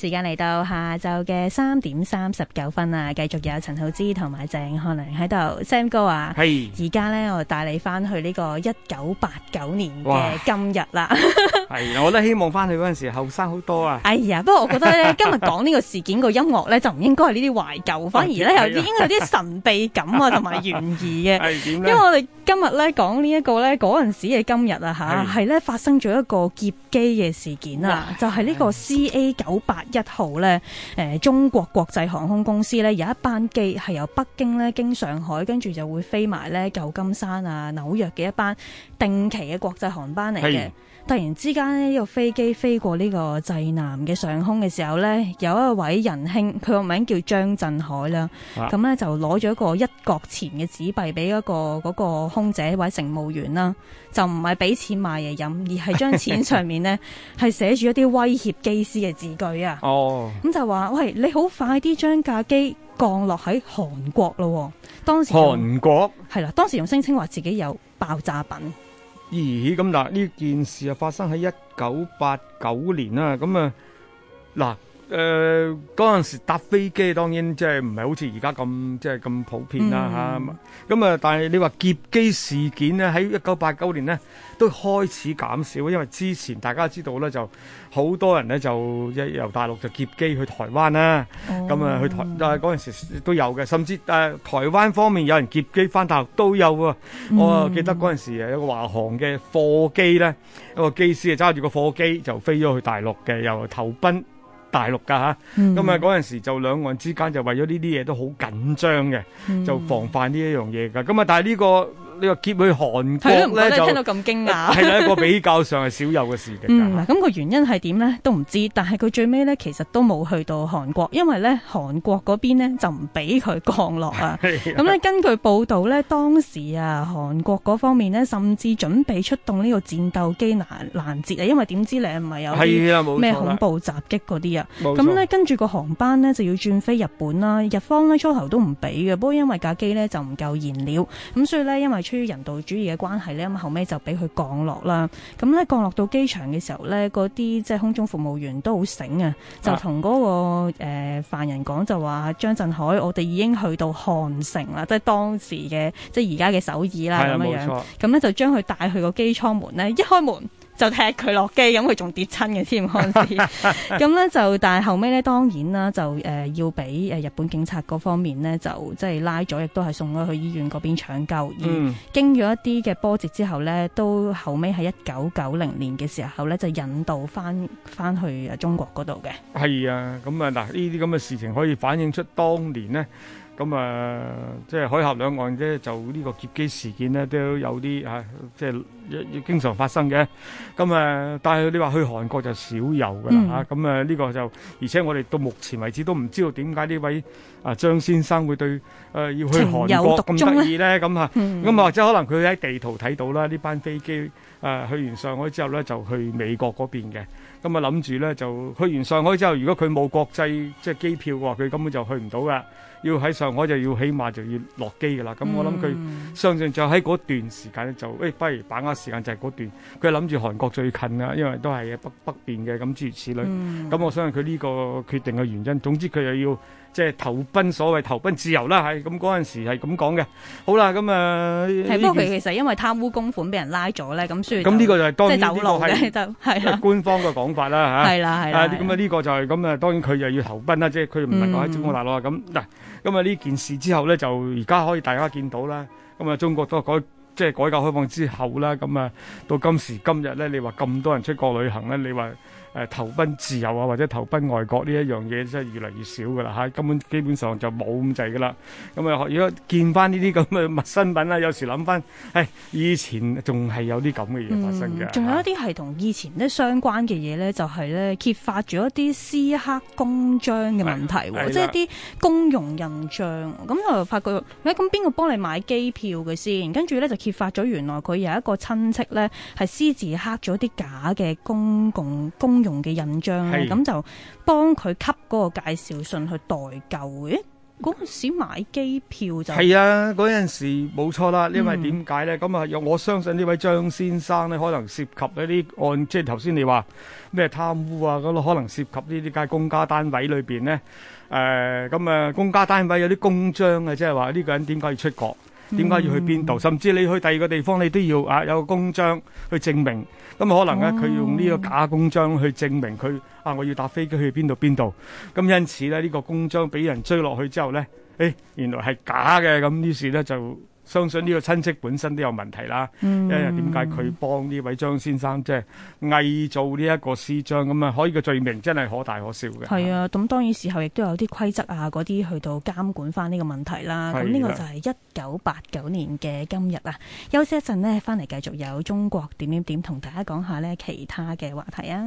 時間嚟到下晝嘅三點三十九分啊！繼續有陳浩之同埋鄭漢良喺度。Sam 哥啊，係而家咧，我帶你翻去呢個一九八九年嘅今日啦。係啊嘩， 我都希望翻去嗰陣時後生好多啊。哎呀，不過我覺得咧，今日講呢個事件個音樂咧， 就唔應該係呢啲懷舊，反而咧的有啲應該有啲神秘感啊，同埋 懸疑嘅。係點咧？因為我哋今日咧講呢一個咧嗰陣時嘅今日啊，嚇係咧發生咗一個劫機嘅事件啊，嘩就係呢個 CA 九八。一號咧，誒、呃、中國國際航空公司咧有一班機係由北京咧經上海，跟住就會飛埋咧舊金山啊紐約嘅一班定期嘅國際航班嚟嘅。是突然之間咧，呢個飛機飛過呢個濟南嘅上空嘅時候咧，有一位仁兄，佢個名叫張振海啦，咁咧、啊、就攞咗一個一角錢嘅紙幣俾一個嗰、那個、空姐或者乘務員啦，就唔係俾錢買嘢飲，而係將錢上面咧係 寫住一啲威脅機師嘅字句啊！哦，咁、oh. 嗯、就話喂，你好快啲將架機降落喺韓國咯、哦。當時韓國係啦，當時用聲稱話自己有爆炸品。咦，咁嗱呢件事啊發生喺一九八九年啦，咁啊嗱。誒，嗰陣時搭飛機，當然即係唔係好似而家咁即係咁普遍啦、啊、咁、嗯、啊，但係你話劫機事件呢喺一九八九年呢都開始減少，因為之前大家知道咧，就好多人呢就一由大陸就劫機去台灣啦。咁啊，哦嗯、去台啊嗰陣時都有嘅，甚至、呃、台灣方面有人劫機翻大陸都有喎。我記得嗰陣時有個華航嘅貨機咧，一個機師啊揸住個貨機就飛咗去大陸嘅，又投奔。大陸噶吓，咁啊嗰陣、嗯、時就兩岸之間就為咗呢啲嘢都好緊張嘅，就防範呢一樣嘢噶，咁啊但係呢、呢個。呢個劫去韓國咧，聽到咁驚訝，就係一個比較上係少有嘅事㗎。 嗯，咁、那個原因係點咧？都唔知，但係佢最尾咧其實都冇去到韓國，因為咧韓國嗰邊咧就唔俾佢降落啊。咁咧的、嗯、根據報道咧，當時啊韓國嗰方面呢，甚至準備出動呢個戰鬥機攔攔截啊，因為點知你唔係有咩恐怖襲擊嗰啲啊？咁咧、嗯、跟住個航班呢，就要轉飛日本啦。日方呢，初頭都唔俾嘅，不過因為架機呢，就唔夠燃料，咁、嗯、所以呢，因為出於人道主義嘅關係咧，咁啊後尾就俾佢降落啦。咁咧降落到機場嘅時候咧，嗰啲即係空中服務員都好醒啊，就同嗰、那個誒犯、呃、人講就話：張振海，我哋已經去到漢城啦，即係當時嘅即係而家嘅首爾啦，咁樣的樣。咁咧錯就將佢帶去個機艙門咧，一開門。就踢佢落機，咁佢仲跌親嘅添，康師。咁咧就，但係後尾咧當然啦，就、呃、要俾日本警察嗰方面咧，就即係拉咗，亦都係送咗去醫院嗰邊搶救。嗯，經咗一啲嘅波折之後咧，都後尾喺一九九零年嘅時候咧，就引渡翻翻去中國嗰度嘅。係啊，咁啊嗱，呢啲咁嘅事情可以反映出當年呢。咁啊，即係海峽兩岸咧，就呢個劫機事件咧，都有啲啊，即係要經常發生嘅。咁啊，但係你話去韓國就少有㗎啦吓。咁啊，呢個就而且我哋到目前為止都唔知道點解呢位啊張先生會對誒要去韓國咁得意咧，咁啊。咁啊，或者可能佢喺地圖睇到啦，呢班飛機誒去完上海之後咧就去美國嗰邊嘅。咁啊，諗住咧就去完上海之後，如果佢冇國際即係機票嘅話，佢根本就去唔到㗎。要喺上我就要起碼就要落機噶啦。咁我諗佢相信就喺嗰段時間咧，就誒，不如把握時間就係嗰段。佢諗住韓國最近呀，因為都係北北邊嘅咁諸如此類。咁我相信佢呢個決定嘅原因。總之佢又要即係投奔所謂投奔自由啦，係咁嗰陣時係咁講嘅。好啦，咁啊，不過佢其實因為貪污公款俾人拉咗咧，咁雖然咁呢個就係當然呢係官方嘅講法啦吓，係啦，係咁啊呢個就係咁啊，當然佢又要投奔啦，即係佢唔能夠喺中國大陸咁嗱。咁啊！呢件事之後咧，就而家可以大家見到啦。咁啊，中國都改。即係改革開放之後啦，咁啊到今時今日咧，你話咁多人出國旅行咧，你話誒、呃、投奔自由啊，或者投奔外國呢一樣嘢，真係越嚟越少噶啦嚇，根本基本上就冇咁滯噶啦。咁啊，如果見翻呢啲咁嘅新聞啦，有時諗翻，誒、哎、以前仲係有啲咁嘅嘢發生嘅。仲、嗯、有一啲係同以前咧相關嘅嘢咧，就係、是、咧揭發咗一啲私刻公章嘅問題喎，哎、即係啲公用印章。咁我又發覺，喂咁邊個幫你買機票嘅先？跟住咧就揭發咗，原來佢有一個親戚咧，係私自刻咗啲假嘅公共公用嘅印章，咁是就幫佢吸嗰個介紹信去代購嘅。嗰陣時買機票就係啊，嗰陣時冇錯啦。因為為呢位點點解咧？咁啊、嗯，我相信呢位張先生咧，可能涉及一啲案，即係頭先你話咩貪污啊，咁可能涉及呢啲街公家單位裏面咧。咁、呃、啊，公家單位有啲公章啊，即係話呢個人點解要出國？點解要去邊度？甚至你去第二個地方，你都要啊有個公章去證明。咁可能咧，佢用呢個假公章去證明佢啊，我要搭飛機去邊度邊度。咁因此咧，呢個公章俾人追落去之後咧，誒、欸、原來係假嘅。咁於是咧就。相信呢個親戚本身都有問題啦，嗯、因為點解佢幫呢位張先生即係、就是、偽造呢一個私章咁啊？可以個罪名真係可大可小嘅。係啊，咁當然事後亦都有啲規則啊，嗰啲去到監管翻呢個問題啦。咁呢、啊、個就係一九八九年嘅今日啊。休息一陣呢，翻嚟繼續有中國點點點同大家講下呢其他嘅話題啊。